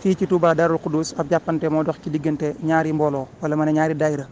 fii ci tubaa Touba Darou Khoudoss a jàppante moo dox ci diggante ñaari mbooloo wala ma ne ñaari daayira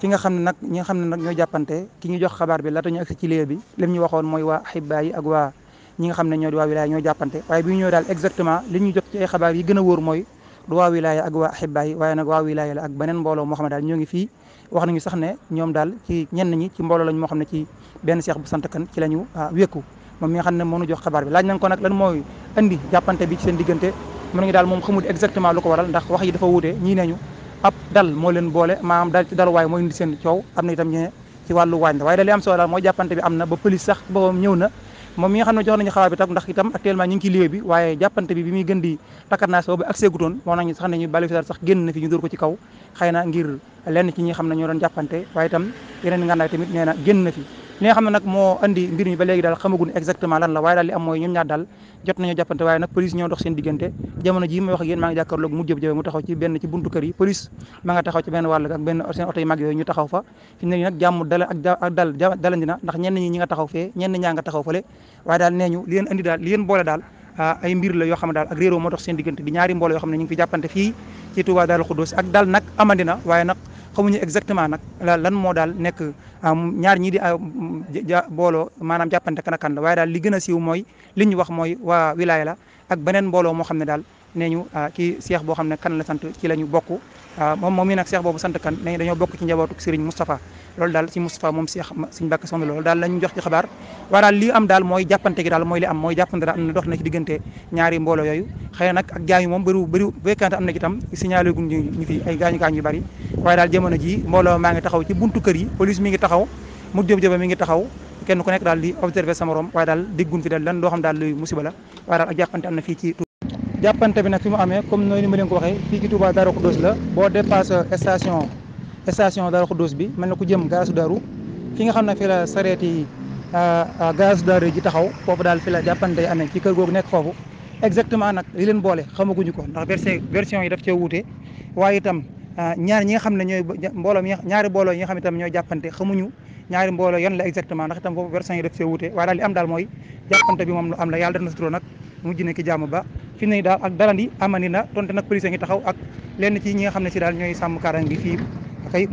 ki nga xam ne nag ñi nga xam ne nag ñoo jàppante ki ñu jox xabaar bi laata ñu agsi ci lieu bi lim ñu waxoon mooy waa xibaa yi ak waa ñi nga xam ne ñoo di waa wilaya ñoo jàppante waaye bi ñu ñëw daal exactement li ñu jot ci ay xabaar yi gën a wóor mooy du waa wilaya ak waa xibaa yi waaye nag waa la ak beneen mbooloo moo xam ne daal ñoo ngi fii wax nañu sax ne ñoom daal ci ñenn ñi ci mbooloo lañu moo xam ne ci benn seex bu sant kan ci la ñu ah, wékku moom mi xam ne moo ñu jox xabaar bi laaj nañ ko nag lan mooy andi jàppante bi ci seen diggante mu ne ñu daal moom xamul exactement lu ko waral ndax wax yi dafa wuute ñii nañu ab dal moo leen boole maanaam dal ci mooy indi coow am na itam ñene ci wàllu waañ la bi am na ba pëlis sax boobam na moom mi nga xam ne jox nañu xabaar bi tam ndax itam actuellement ñu ngi ci lieu bi waaye jàppante bi bi muy ko ci kaw xëy na xam ne ñoo doon jàppante waaye itam yeneen ngànnaay tamit na génn na fi li nga xam ne nag moo andi mbir mi ba léegi daal xamaguñ exactement lan la waaye daal li am mooy ñoom ñaar daal jot nañoo jàppante waaye nag police ñoo dox seen diggante jamono ji may wax ak yéen maa ngi mu jëb jëbe fa fi ne nag na ndax ñenn ñi ñi nga taxaw fee ñenn ñaa nga taxaw fale waaye daal nee ñu li leen andi daal li leen boole daal ah, ay mbir la yoo xam ne daal ak réeroo daal nag amandina waaye nag xamuñu exactement nag lan moo daal nekk ah, ñaar ñii di ah, booloo maanaam jàppante kan ak kan waaye daal li gën a siiw mooy li ñu wax mooy waa wilaya la ak beneen mbooloo moo xam ne daal nee ñu kii ah, seex boo xam ne kan la sant ci la ñu bokk ah, moom mi nag seex boobu sant kan nee dañoo bokk ci njabootu Serigne Moustapha loolu daal si Moustapha moom seex daal ci diggante ñaari mbooloo yooyu xëy na nag gaañu moom bëriwu bëriwu fekkante am ji mbooloo maa ngi taxaw ci buntu kër yi police mi ngi taxaw mu jëm jëba mi ngi taxaw kenn ku nekk daal di observé sa morom waaye daal déggun fi daal lan loo xam daal luy musiba waaye daal ak jàppante bi nag fi mu amee comme nooy ni ma leen ko waxee fii ci Touba Darou Khoudoss la boo dépassé station station Darou Khoudoss bi mel na ku jëm gaasu Daaru fi nga xam ne fi la sareet yi euh, euh, gaasu Daaru ji taxaw foofu daal fi la jàppante yi amee ci kër googu nekk foofu exactement nag li leen boole xamaguñu ko ndax version version yi daf cee wuute waaye itam euh, ñaar ñi nga xam ne ñooy mbooloo mi ñaari mbooloo yi nga xam ne itam ñooy jàppante xamuñu ñaari mbooloo yan la exactement ndax itam foofu version yi daf cee wuute waaye daal am daal mooy jàppante bi moom lu am la yàlla def na sutura nag mujj na ki jàmm ba fi ne daal ak dalandi amani na donte nag police ngi taxaw ak lenn ci ñi nga xam ne si daal ñooy sàmm kaaraange gi fii